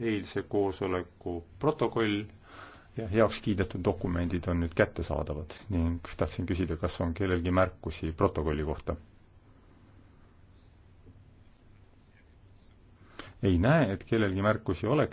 eilse koosoleku protokoll ja heaks kiidetud dokumendid on nüüd kättesaadavad ning tahtsin küsida, kas on kellelgi märkusi protokolli kohta? ei näe, et kellelgi märkusi oleks.